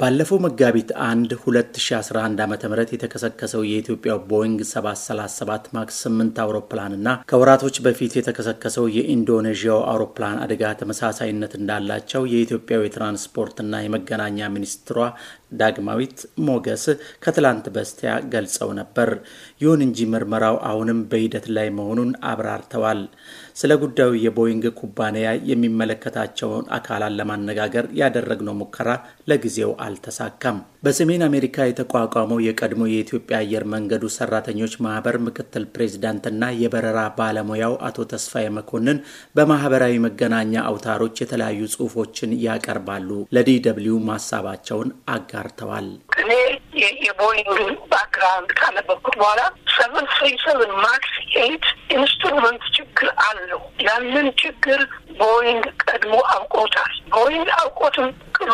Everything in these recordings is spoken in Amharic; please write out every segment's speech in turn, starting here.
ባለፈው መጋቢት 1 2011 ዓ ም የተከሰከሰው የኢትዮጵያ ቦይንግ 737 ማክስ 8 አውሮፕላንና ከወራቶች በፊት የተከሰከሰው የኢንዶኔዥያው አውሮፕላን አደጋ ተመሳሳይነት እንዳላቸው የኢትዮጵያው የትራንስፖርትና የመገናኛ ሚኒስትሯ ዳግማዊት ሞገስ ከትላንት በስቲያ ገልጸው ነበር። ይሁን እንጂ ምርመራው አሁንም በሂደት ላይ መሆኑን አብራርተዋል። ስለ ጉዳዩ የቦይንግ ኩባንያ የሚመለከታቸውን አካላት ለማነጋገር ያደረግነው ሙከራ ለጊዜው አልተሳካም። በሰሜን አሜሪካ የተቋቋመው የቀድሞ የኢትዮጵያ አየር መንገዱ ሰራተኞች ማህበር ምክትል ፕሬዚዳንትና የበረራ ባለሙያው አቶ ተስፋዬ መኮንን በማህበራዊ መገናኛ አውታሮች የተለያዩ ጽሁፎችን ያቀርባሉ። ለዲደብሊው ማሳባቸውን አጋርተዋል። እኔ የቦይንግ ባክግራውንድ ካነበብኩት በኋላ ሰቨን ስሪ ሰቨን ማክስ ኤይት ኢንስትሩመንት ችግር አለው። ያንን ችግር ቦይንግ ቀድሞ አውቆታል። ቦይንግ አውቆትም ቅሉ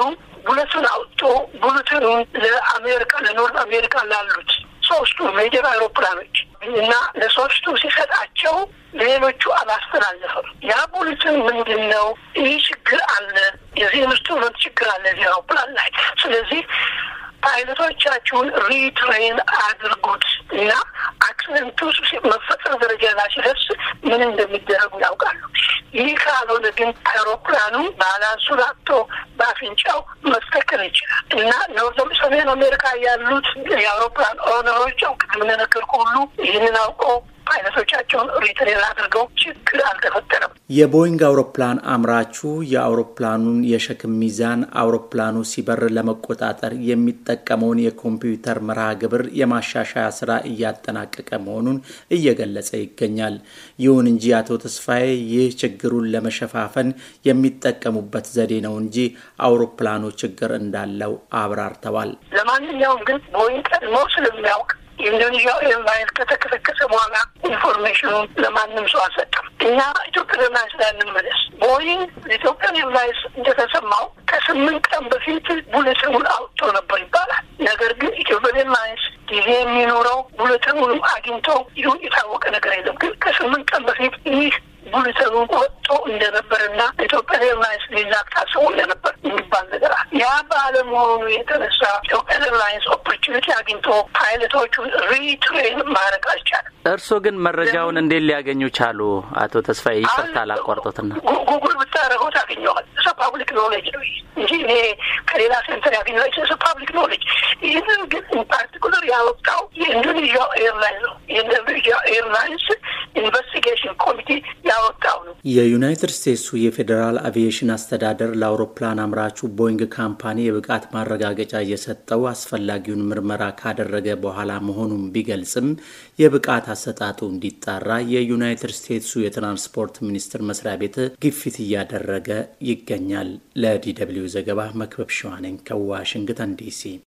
ቡለቱን አውጥቶ ቡለቱን ለአሜሪካ ለኖርት አሜሪካ ላሉት ሶስቱ ሜጀር አውሮፕላኖች እና ለሶስቱ ሲሰጣቸው ሌሎቹ አላስተላለፈም። ያ ቡልትን ምንድን ነው? ይህ ችግር አለ፣ የዚህ ኢንስትሩመንት ችግር አለ እዚህ አውሮፕላን ላይ ስለዚህ ፓይለቶቻችሁን ሪትሬን አድርጉት እና እንትሱ መፈጠር ደረጃ ላይ ሲደርስ ምን እንደሚደረጉ ያውቃሉ። ይህ ካልሆነ ግን አውሮፕላኑ ባላንሱን አጥቶ በአፍንጫው መስተከል ይችላል እና ኖርዘም ሰሜን አሜሪካ ያሉት የአውሮፕላን ኦነሮች ቅድም እንደነገርኩህ ሁሉ ይህንን አውቀው አይነቶቻቸውን ሪትሬን አድርገው ችግር አልተፈጠረም። የቦይንግ አውሮፕላን አምራቹ የአውሮፕላኑን የሸክም ሚዛን አውሮፕላኑ ሲበር ለመቆጣጠር የሚጠቀመውን የኮምፒውተር መርሃ ግብር የማሻሻያ ስራ እያጠናቀቀ መሆኑን እየገለጸ ይገኛል። ይሁን እንጂ አቶ ተስፋዬ ይህ ችግሩን ለመሸፋፈን የሚጠቀሙበት ዘዴ ነው እንጂ አውሮፕላኑ ችግር እንዳለው አብራርተዋል። ለማንኛውም ግን ቦይንግ ቀድሞ ስለሚያውቅ የኢንዶኔዥያ ኤርላይን ከተከሰከሰ በኋላ ኢንፎርሜሽኑን ለማንም ሰው አልሰጠም። እኛ ኢትዮጵያ ኤርላይንስ ላይ እንመለስ። ቦይንግ ኢትዮጵያ ኤርላይንስ እንደተሰማው ከስምንት ቀን በፊት ቡለተሙን አውጥቶ ነበር ይባላል። ነገር ግን ኢትዮጵያ ኤርላይንስ ጊዜ የሚኖረው ቡሌትኑንም አግኝቶ ይሁን የታወቀ ነገር የለም። ግን ከስምንት ቀን በፊት ይህ ቡለተሙን ወጥቶ እንደነበርና ኢትዮጵያ ኤርላይንስ ሊላክ ታስቦ እንደነበር የሚባል ነገር ያ ባለመሆኑ የተነሳ ኤርላይንስ ኦፖርቹኒቲ አግኝቶ ፓይለቶቹ ሪትሬን ማድረግ አልቻለም። እርስዎ ግን መረጃውን እንዴት ሊያገኙ ቻሉ? አቶ ተስፋዬ ይቅርታ አላቋርጦትና ጉግል ብታደረገው ታገኘዋል። እሱ ፓብሊክ ኖሌጅ ነው እንጂ እኔ ከሌላ ሴንተር ያገኘ ፓብሊክ ኖሌጅ። ይህንን ግን ፓርቲኩለር ያወጣው የኢንዶኔዥያ ኤርላይንስ ነው። የኢንዶኔዥያ ኤርላይንስ የዩናይትድ ስቴትሱ የፌዴራል አቪዬሽን አስተዳደር ለአውሮፕላን አምራቹ ቦይንግ ካምፓኒ የብቃት ማረጋገጫ እየሰጠው አስፈላጊውን ምርመራ ካደረገ በኋላ መሆኑን ቢገልጽም የብቃት አሰጣጡ እንዲጣራ የዩናይትድ ስቴትሱ የትራንስፖርት ሚኒስቴር መስሪያ ቤት ግፊት እያደረገ ይገኛል። ለዲ ደብልዩ ዘገባ መክበብ ሸዋነኝ ከዋሽንግተን ዲሲ